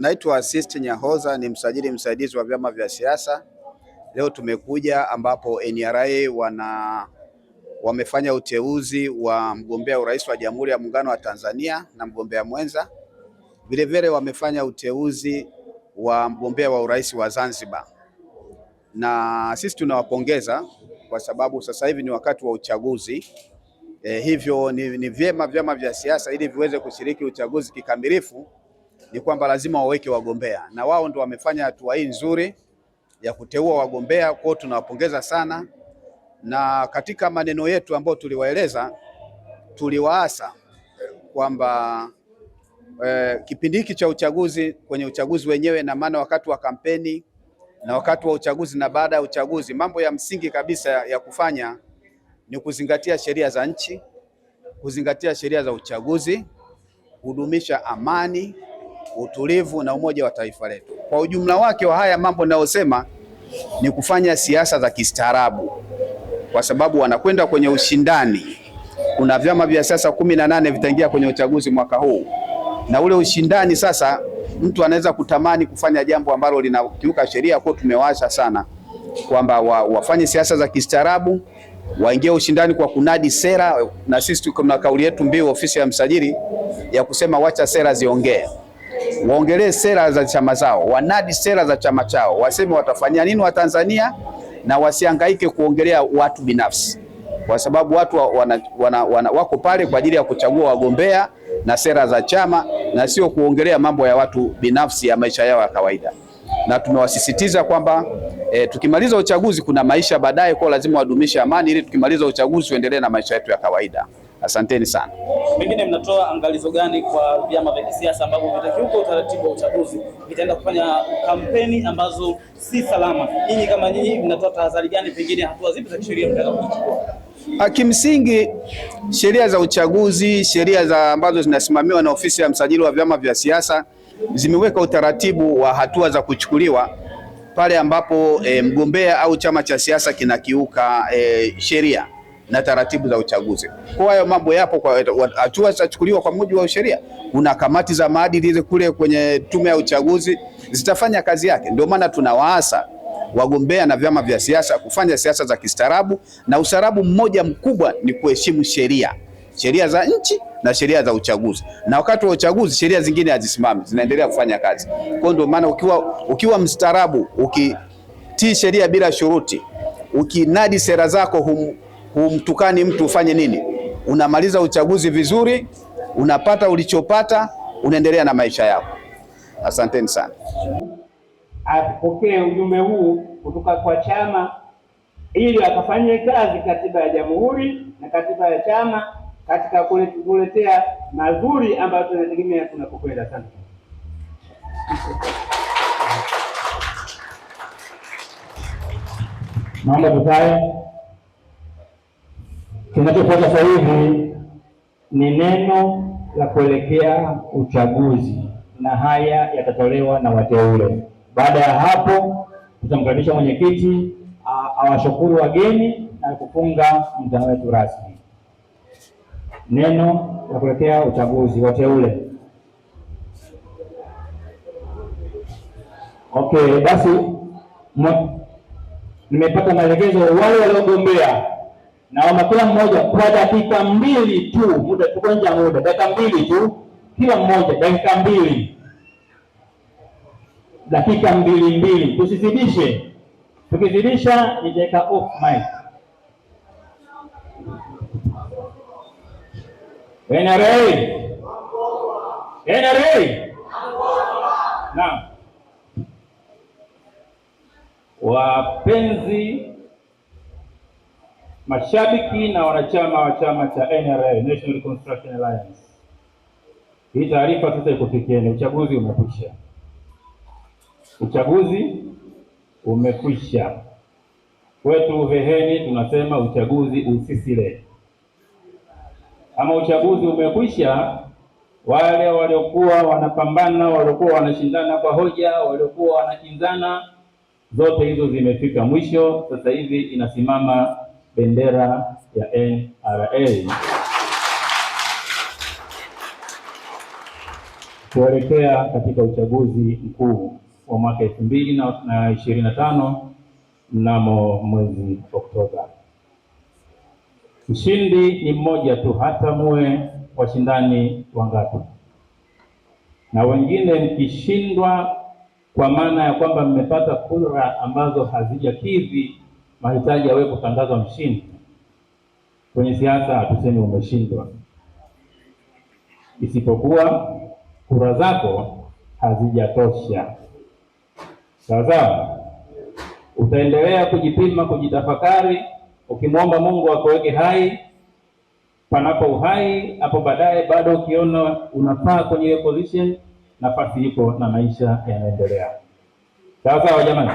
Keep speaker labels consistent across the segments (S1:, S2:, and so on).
S1: Naitwa Assist Nyahoza, ni msajili msaidizi wa vyama vya siasa. Leo tumekuja ambapo NRA wana wamefanya uteuzi wa mgombea urais wa Jamhuri ya Muungano wa Tanzania na mgombea mwenza. Vilevile wamefanya uteuzi wa mgombea wa urais wa Zanzibar, na sisi tunawapongeza kwa sababu sasa hivi ni wakati wa uchaguzi. E, hivyo ni, ni vyema vyama vya siasa ili viweze kushiriki uchaguzi kikamilifu ni kwamba lazima waweke wagombea, na wao ndo wamefanya hatua hii nzuri ya kuteua wagombea kwao, tunawapongeza sana. Na katika maneno yetu ambayo tuliwaeleza, tuliwaasa kwamba eh, kipindi hiki cha uchaguzi, kwenye uchaguzi wenyewe, na maana wakati wa kampeni na wakati wa uchaguzi na baada ya uchaguzi, mambo ya msingi kabisa ya kufanya ni kuzingatia sheria za nchi, kuzingatia sheria za uchaguzi, kudumisha amani utulivu na umoja wa taifa letu. Kwa ujumla wake wa haya mambo ninayosema ni kufanya siasa za kistaarabu, kwa sababu wanakwenda kwenye ushindani. Kuna vyama vya siasa kumi na nane vitaingia kwenye uchaguzi mwaka huu, na ule ushindani sasa, mtu anaweza kutamani kufanya jambo ambalo linakiuka sheria. Kwa tumewasha sana kwamba wa, wafanye siasa za kistaarabu, waingie ushindani kwa kunadi sera, na sisi tuko na kauli yetu mbiu ofisi ya msajili ya kusema wacha sera ziongee waongelee sera za chama zao, wanadi sera za chama chao, waseme watafanyia nini wa tanzania na wasihangaike kuongelea watu binafsi, kwa sababu watu wana, wana, wana, wako pale kwa ajili ya kuchagua wagombea na sera za chama na sio kuongelea mambo ya watu binafsi ya maisha yao ya kawaida. Na tumewasisitiza kwamba e, tukimaliza uchaguzi kuna maisha baadaye, kwa lazima wadumishe amani ili tukimaliza uchaguzi tuendelee na maisha yetu ya kawaida. Asanteni sana.
S2: Pengine mnatoa angalizo gani kwa vyama vya kisiasa ambavyo vitakiuka utaratibu wa uchaguzi, vitaenda kufanya kampeni ambazo si salama? Nyinyi kama nyinyi mnatoa tahadhari gani, pengine hatua zipi za kisheria mtaweza kuchukua?
S1: Ah, kimsingi, sheria za uchaguzi, sheria za ambazo zinasimamiwa na ofisi ya msajili wa vyama vya siasa zimeweka utaratibu wa hatua za kuchukuliwa pale ambapo e, mgombea au chama cha siasa kinakiuka e, sheria na taratibu za uchaguzi. Kwa hayo mambo yapo, kwa hatua zitachukuliwa kwa mujibu wa sheria. Kuna kamati za maadili kule kwenye tume ya uchaguzi zitafanya kazi yake. Ndio maana tunawaasa wagombea na vyama vya siasa kufanya siasa za kistaarabu, na ustaarabu mmoja mkubwa ni kuheshimu sheria, sheria za nchi na sheria za uchaguzi. Na wakati wa uchaguzi sheria zingine hazisimami, zinaendelea kufanya kazi. Kwa ndio maana ukiwa, ukiwa mstaarabu, ukitii sheria bila shuruti, ukinadi sera zako humtukani mtu ufanye nini? Unamaliza uchaguzi vizuri, unapata ulichopata, unaendelea na maisha yako. Asanteni sana.
S3: Apokee ujumbe huu kutoka kwa chama ili akafanye kazi katiba ya jamhuri na katiba ya chama katika kuletea mazuri ambayo tunategemea tunapokwenda. Sana
S4: naomba tukae. Kinachofuata sasa hivi ni neno la kuelekea uchaguzi, na haya yatatolewa na wateule. Baada ya hapo, tutamkaribisha mwenyekiti awashukuru wageni na kufunga mkutano wetu rasmi. Neno la kuelekea uchaguzi, wateule. Okay, basi nimepata maelekezo, wale waliogombea Naomba kila mmoja kwa dakika mbili tu, muda tukonja muda, dakika mbili tu, kila mmoja dakika mbili, dakika mbili mbili, tusizidishe. Tukizidisha nitaweka off mic. NRA NRA, naam wapenzi mashabiki na wanachama wa chama cha NRA, National Reconstruction Alliance. Hii taarifa sasa ikufikieni, uchaguzi umekwisha. Uchaguzi umekwisha. Kwetu Uheheni tunasema uchaguzi usisile. Ama uchaguzi umekwisha, wale waliokuwa wanapambana, waliokuwa wanashindana kwa hoja, waliokuwa wanakinzana, zote hizo zimefika mwisho. Sasa hivi inasimama bendera ya NRA kuelekea katika uchaguzi mkuu wa mwaka elfu mbili na ishirini na tano mnamo mwezi Oktoba. Mshindi ni mmoja tu, hata muwe washindani wangapi, na wengine mkishindwa kwa maana ya kwamba mmepata kura ambazo hazijakidhi mahitaji yawe kutangazwa mshindi. Kwenye siasa tuseme umeshindwa, isipokuwa kura zako hazijatosha. Sasa utaendelea kujipima, kujitafakari, ukimwomba Mungu akuweke hai panapo uhai hapo baadaye, bado ukiona unafaa kwenye hiyo position, nafasi iko na maisha yanaendelea. Sawa sawa jamani,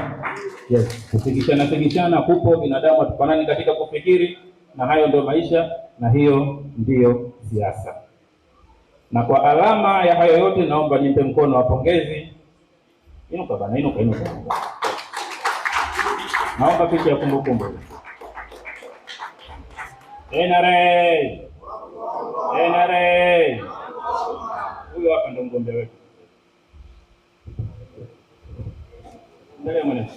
S4: yes. Kufikishana fikishana kupo, binadamu hatufanani katika kufikiri, na hayo ndio maisha, na hiyo ndiyo siasa. Na kwa alama ya hayo yote, naomba nimpe mkono wa pongezi. Inuka bana, inuka, inuka. Naomba picha ya kumbukumbu. NRA NRA, huyo hapa ndio mgombea wetu. Endelea mwanangu.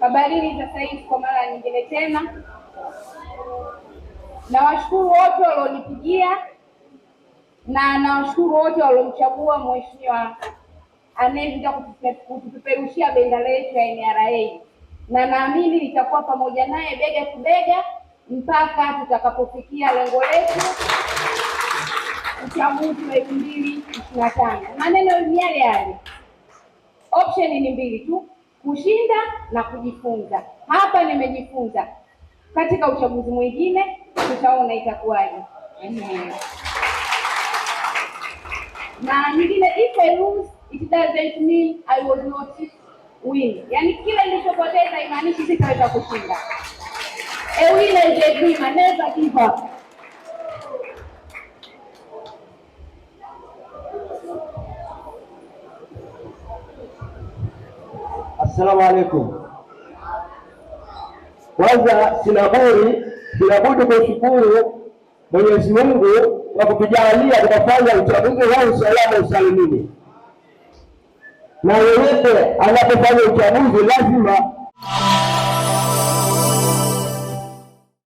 S5: Habarini sasa hivi kwa mara nyingine tena, nawashukuru wote walionipigia na nawashukuru wote waliomchagua mheshimiwa anayekuja kutupeperushia bendera yetu ya NRA na naamini nitakuwa pamoja naye bega kwa bega mpaka tutakapofikia lengo letu uchaguzi wa elfu mbili ishirini na tano. Maneno ni yale yale, option ni mbili tu, kushinda na kujifunza. Hapa nimejifunza, katika uchaguzi mwingine tutaona itakuwaje. na nyingine, if I lose it doesn't mean I was not win. Yaani kila nilichopoteza imaanishi sitaweza kushinda. A winner is a dreamer, never give up.
S6: Assalamu alaikum. Kwanza sina budi sina budi kushukuru Mwenyezi Mungu kwa kutujalia tukafanya uchaguzi huu salama usalimini. na yeyote anapofanya uchaguzi lazima